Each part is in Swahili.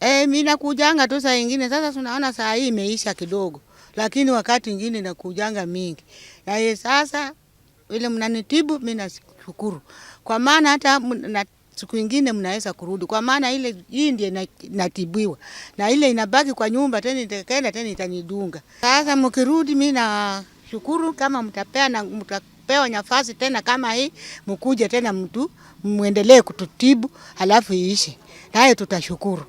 Eh, mimi nakujanga tu saa nyingine. Sasa tunaona saa hii imeisha kidogo, lakini wakati mwingine nakujanga mingi. Na ye. sasa ile mnanitibu mimi nashukuru. Kwa maana hata na siku nyingine mnaweza kurudi. Kwa maana ile hii ndiye natibiwa. Na ile inabaki kwa nyumba tena nitaenda tena itanidunga. Sasa mkirudi mimi na shukuru kama mtapea na mta pewa nafasi tena kama hii mkuje tena mtu muendelee kututibu halafu iishe. Naye tutashukuru.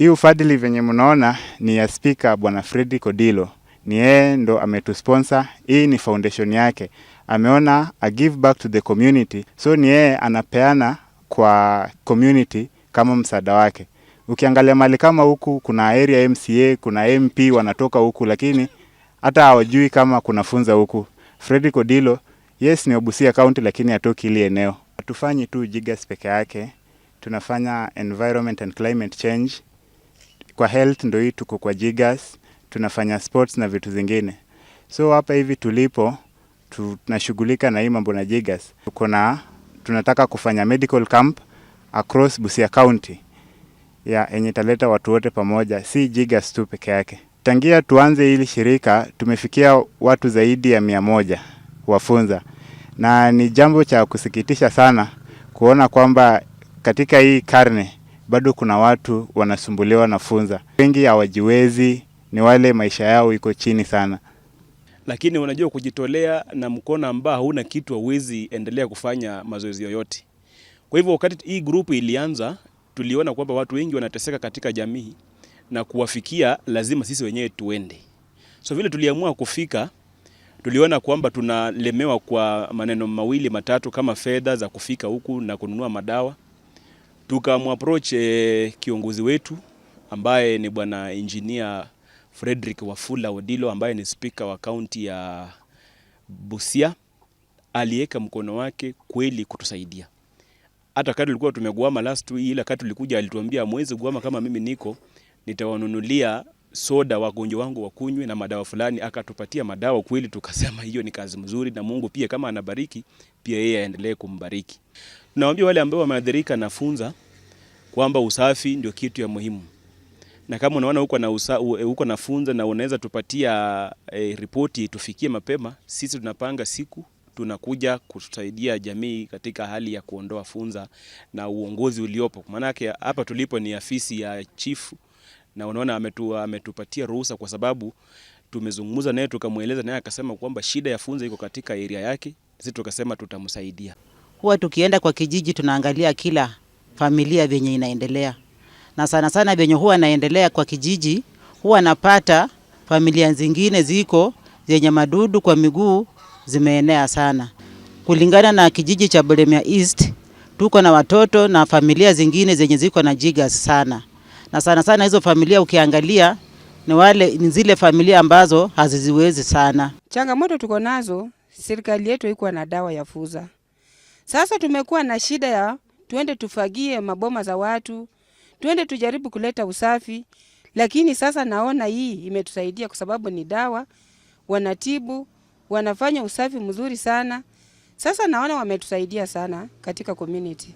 Hii ufadhili venye mnaona ni ya spika bwana Fredi Kodilo, ni yeye ndo ametusponsor. Hii ni foundation yake, ameona a give back to the community, so ni yeye anapeana kwa community kama msaada wake. Ukiangalia mali kama huku kuna area MCA, kuna MP wanatoka huku, lakini hata hawajui kama kuna funza huku. Fredi Kodilo, yes ni Obusia County, lakini atoki ile eneo. Hatufanyi tu jigas peke yake, tunafanya environment and climate change kwa health ndo hii tuko kwa Jigas, tunafanya sports na vitu zingine. So hapa hivi tulipo tunashughulika na hii mambo na Jigas. Tuko na tunataka kufanya medical camp across Busia County ya yenye italeta watu wote pamoja, si Jigas tu peke yake. Tangia tuanze hili shirika tumefikia watu zaidi ya mia moja wafunza, na ni jambo cha kusikitisha sana kuona kwamba katika hii karne bado kuna watu wanasumbuliwa na funza. Wengi hawajiwezi, ni wale maisha yao iko chini sana. Lakini unajua kujitolea na mkono ambao hauna kitu hauwezi endelea kufanya mazoezi yoyote. Kwa hivyo wakati hii grupu ilianza, tuliona kwamba watu wengi wanateseka katika jamii na kuwafikia, lazima sisi wenyewe tuende. So vile tuliamua kufika, tuliona kwamba tunalemewa kwa maneno mawili matatu kama fedha za kufika huku na kununua madawa tukamwaproche eh, kiongozi wetu ambaye ni bwana engineer Frederick Wafula Odilo ambaye ni spika wa kaunti ya Busia, aliweka mkono wake kweli kutusaidia. Hata kati tulikuwa tumeguama last week, ila kati tulikuja alituambia mwezi guama kama mimi niko nitawanunulia soda wagonjwa wangu wakunywe na madawa fulani, akatupatia madawa kweli. Tukasema hiyo ni kazi mzuri, na Mungu pia kama anabariki pia yeye aendelee kumbariki. Naomba wale ambao wameathirika na funza kwamba usafi ndio kitu ya muhimu, na kama unaona huko na usa, huko nafunza na unaweza tupatia e, ripoti tufikie mapema. Sisi tunapanga siku tunakuja kusaidia jamii katika hali ya kuondoa funza na uongozi uliopo, maanake hapa tulipo ni afisi ya chifu, na unaona ametu, ametupatia ruhusa kwa sababu tumezungumza naye tukamweleza naye akasema kwamba shida ya funza iko katika eria yake. Sisi tukasema tutamsaidia. Huwa tukienda kwa kijiji tunaangalia kila familia vyenye inaendelea, na sana sana vyenye huwa naendelea kwa kijiji, huwa napata familia zingine ziko zenye madudu kwa miguu zimeenea sana. Kulingana na kijiji cha Bulemia East, tuko na watoto na familia zingine zenye ziko na jigas sana, na sana sana hizo familia ukiangalia ni wale ni zile familia ambazo haziziwezi sana. Changamoto tuko nazo, serikali yetu iko na dawa ya fuza. Sasa tumekuwa na shida ya tuende tufagie maboma za watu, tuende tujaribu kuleta usafi. Lakini sasa naona hii imetusaidia kwa sababu ni dawa, wanatibu, wanafanya usafi mzuri sana. Sasa naona wametusaidia sana katika community.